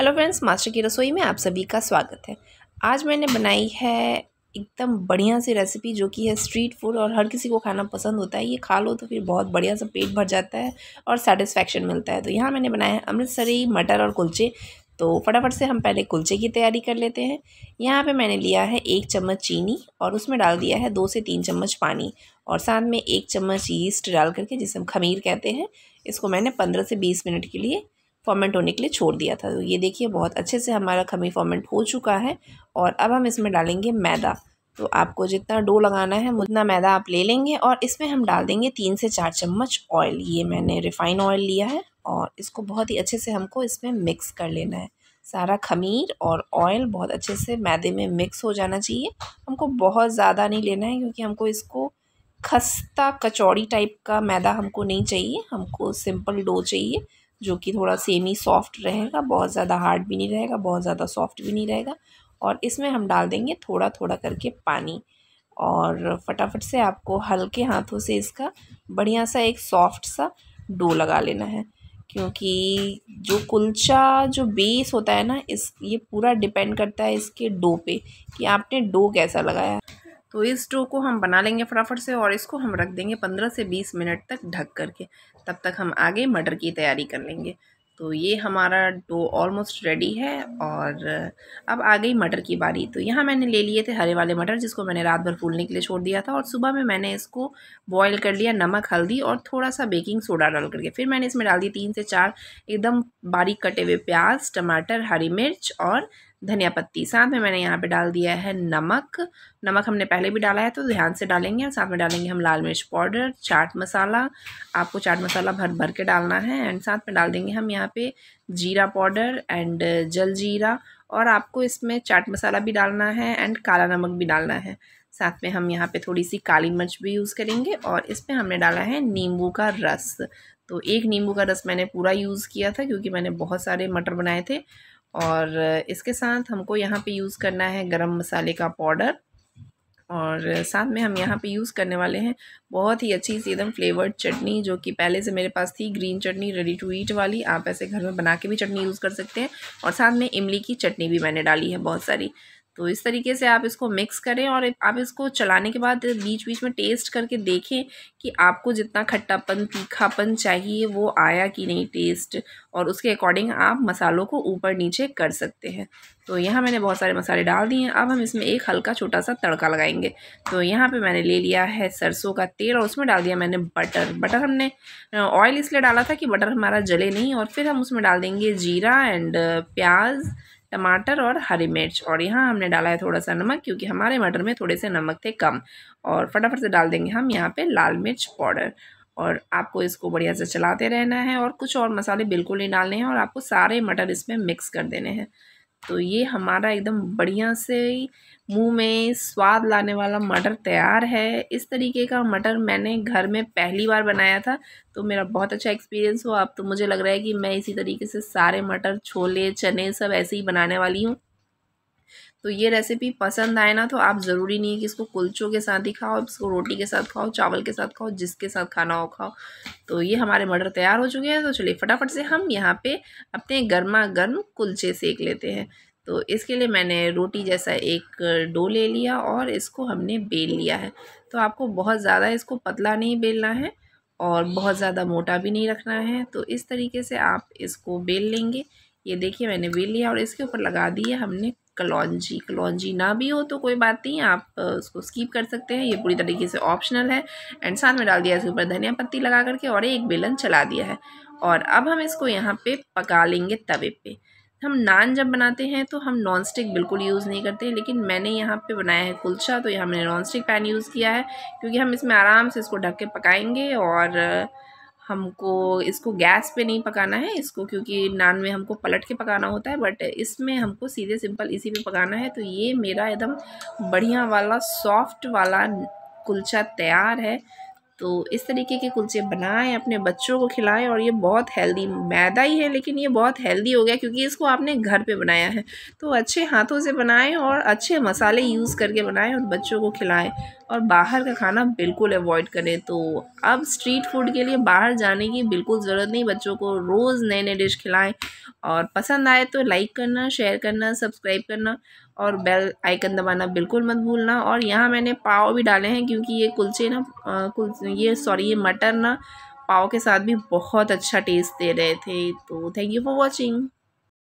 hello friends master की रसोई में आप सभी का स्वागत है आज मैंने बनाई है एकदम बढ़िया सी रेसिपी जो कि है स्ट्रीट फूड और हर किसी को खाना पसंद होता है ये खा लो तो फिर बहुत बढ़िया सा पेट भर जाता है और सेटिस्फेक्शन मिलता है तो यहाँ मैंने बनाया है अमृतसरी मटर और कुलचे तो फटाफट से हम पहले कुलचे की तैयारी कर लेते हैं यहाँ पे मैंने लिया है एक चम्मच चीनी और उसमें डाल दिया है दो से तीन चम्मच पानी और साथ में एक चम्मच ईस्ट डाल करके जिसे हम खमीर कहते हैं इसको मैंने पंद्रह से बीस मिनट के लिए फॉर्मेंट होने के लिए छोड़ दिया था तो ये देखिए बहुत अच्छे से हमारा खमीर फॉर्मेंट हो चुका है और अब हम इसमें डालेंगे मैदा तो आपको जितना डो लगाना है उतना मैदा आप ले लेंगे और इसमें हम डाल देंगे तीन से चार चम्मच ऑयल ये मैंने रिफ़ाइन ऑयल लिया है और इसको बहुत ही अच्छे से हमको इसमें मिक्स कर लेना है सारा खमीर और ऑयल बहुत अच्छे से मैदे में मिक्स हो जाना चाहिए हमको बहुत ज़्यादा नहीं लेना है क्योंकि हमको इसको खस्ता कचौड़ी टाइप का मैदा हमको नहीं चाहिए हमको सिंपल डो चाहिए जो कि थोड़ा सेमी सॉफ्ट रहेगा बहुत ज़्यादा हार्ड भी नहीं रहेगा बहुत ज़्यादा सॉफ्ट भी नहीं रहेगा और इसमें हम डाल देंगे थोड़ा थोड़ा करके पानी और फटाफट से आपको हल्के हाथों से इसका बढ़िया सा एक सॉफ्ट सा डो लगा लेना है क्योंकि जो कुलचा जो बेस होता है ना इस ये पूरा डिपेंड करता है इसके डो पे कि आपने डो कैसा लगाया तो इस डो को हम बना लेंगे फटाफट से और इसको हम रख देंगे पंद्रह से बीस मिनट तक ढक करके तब तक हम आगे मटर की तैयारी कर लेंगे तो ये हमारा डो ऑलमोस्ट रेडी है और अब आ गई मटर की बारी तो यहाँ मैंने ले लिए थे हरे वाले मटर जिसको मैंने रात भर फूलने के लिए छोड़ दिया था और सुबह में मैंने इसको बॉईल कर लिया नमक हल्दी और थोड़ा सा बेकिंग सोडा डाल करके फिर मैंने इसमें डाल दी तीन से चार एकदम बारीक कटे हुए प्याज टमाटर हरी मिर्च और धनिया पत्ती साथ में मैंने यहाँ पे डाल दिया है नमक नमक हमने पहले भी डाला है तो ध्यान से डालेंगे और साथ में डालेंगे हम लाल मिर्च पाउडर चाट मसाला आपको चाट मसाला भर भर के डालना है एंड साथ में डाल देंगे हम यहाँ पे जीरा पाउडर एंड जल जीरा और आपको इसमें चाट मसाला भी डालना है एंड काला नमक भी डालना है साथ में हम यहाँ पर थोड़ी सी काली मिर्च भी यूज़ करेंगे और इसमें हमने डाला है नींबू का रस तो एक नींबू का रस मैंने पूरा यूज़ किया था क्योंकि मैंने बहुत सारे मटर बनाए थे और इसके साथ हमको यहाँ पे यूज़ करना है गरम मसाले का पाउडर और साथ में हम यहाँ पे यूज़ करने वाले हैं बहुत ही अच्छी सी एकदम फ्लेवर्ड चटनी जो कि पहले से मेरे पास थी green chutney ready to eat वाली आप ऐसे घर में बना के भी चटनी यूज़ कर सकते हैं और साथ में इमली की चटनी भी मैंने डाली है बहुत सारी तो इस तरीके से आप इसको मिक्स करें और आप इसको चलाने के बाद बीच बीच में टेस्ट करके देखें कि आपको जितना खट्टापन तीखापन चाहिए वो आया कि नहीं टेस्ट और उसके अकॉर्डिंग आप मसालों को ऊपर नीचे कर सकते हैं तो यहाँ मैंने बहुत सारे मसाले डाल दिए हैं अब हम इसमें एक हल्का छोटा सा तड़का लगाएंगे तो यहाँ पे मैंने ले लिया है सरसों का तेल और उसमें डाल दिया मैंने बटर बटर हमने ऑयल इसलिए डाला था कि बटर हमारा जले नहीं और फिर हम उसमें डाल देंगे जीरा एंड प्याज टमाटर और हरी मिर्च और यहाँ हमने डाला है थोड़ा सा नमक क्योंकि हमारे मटर में थोड़े से नमक थे कम और फटाफट से डाल देंगे हम यहाँ पे लाल मिर्च पाउडर और आपको इसको बढ़िया से चलाते रहना है और कुछ और मसाले बिल्कुल नहीं डालने हैं और आपको सारे मटर इसमें मिक्स कर देने हैं तो ये हमारा एकदम बढ़िया से मुंह में स्वाद लाने वाला मटर तैयार है इस तरीके का मटर मैंने घर में पहली बार बनाया था तो मेरा बहुत अच्छा एक्सपीरियंस हुआ अब तो मुझे लग रहा है कि मैं इसी तरीके से सारे मटर छोले चने सब ऐसे ही बनाने वाली हूँ तो ये रेसिपी पसंद आए ना तो आप ज़रूरी नहीं है कि इसको कुल्चों के साथ ही खाओ इसको रोटी के साथ खाओ चावल के साथ खाओ जिसके साथ खाना हो खाओ तो ये हमारे मटर तैयार हो चुके हैं तो चलिए फटाफट से हम यहाँ पे अपने गर्मा गर्म कुल्चे सेक लेते हैं तो इसके लिए मैंने रोटी जैसा एक डो ले लिया और इसको हमने बेल लिया है तो आपको बहुत ज़्यादा इसको पतला नहीं बेलना है और बहुत ज़्यादा मोटा भी नहीं रखना है तो इस तरीके से आप इसको बेल लेंगे ये देखिए मैंने बेल लिया और इसके ऊपर लगा दिए हमने कलौजी कलौजी ना भी हो तो कोई बात नहीं आप उसको स्कीप कर सकते हैं ये पूरी तरीके से ऑप्शनल है एंड साथ में डाल दिया इसके ऊपर धनिया पत्ती लगा करके और एक बेलन चला दिया है और अब हम इसको यहाँ पे पका लेंगे तवे पे हम नान जब बनाते हैं तो हम नॉन स्टिक बिल्कुल यूज़ नहीं करते लेकिन मैंने यहाँ पे बनाया है कुलचा तो यहाँ मैंने नॉन स्टिक पैन यूज़ किया है क्योंकि हम इसमें आराम से इसको ढक के पकाएंगे और हमको इसको गैस पे नहीं पकाना है इसको क्योंकि नान में हमको पलट के पकाना होता है बट इसमें हमको सीधे सिंपल इसी पे पकाना है तो ये मेरा एकदम बढ़िया वाला सॉफ्ट वाला कुलचा तैयार है तो इस तरीके के कुलचे बनाएं अपने बच्चों को खिलाएं और ये बहुत हेल्दी मैदा ही है लेकिन ये बहुत हेल्दी हो गया क्योंकि इसको आपने घर पे बनाया है तो अच्छे हाथों से बनाएं और अच्छे मसाले यूज़ करके बनाएं और बच्चों को खिलाएं और बाहर का खाना बिल्कुल अवॉइड करें तो अब स्ट्रीट फूड के लिए बाहर जाने की बिल्कुल ज़रूरत नहीं बच्चों को रोज़ नए नए डिश खिलाएँ और पसंद आए तो लाइक करना शेयर करना सब्सक्राइब करना और बेल आइकन दबाना बिल्कुल मत भूलना और यहाँ मैंने पाव भी डाले हैं क्योंकि ये कुलचे ना कुल ये सॉरी ये मटर ना पाव के साथ भी बहुत अच्छा टेस्ट दे रहे थे तो थैंक यू फॉर वॉचिंग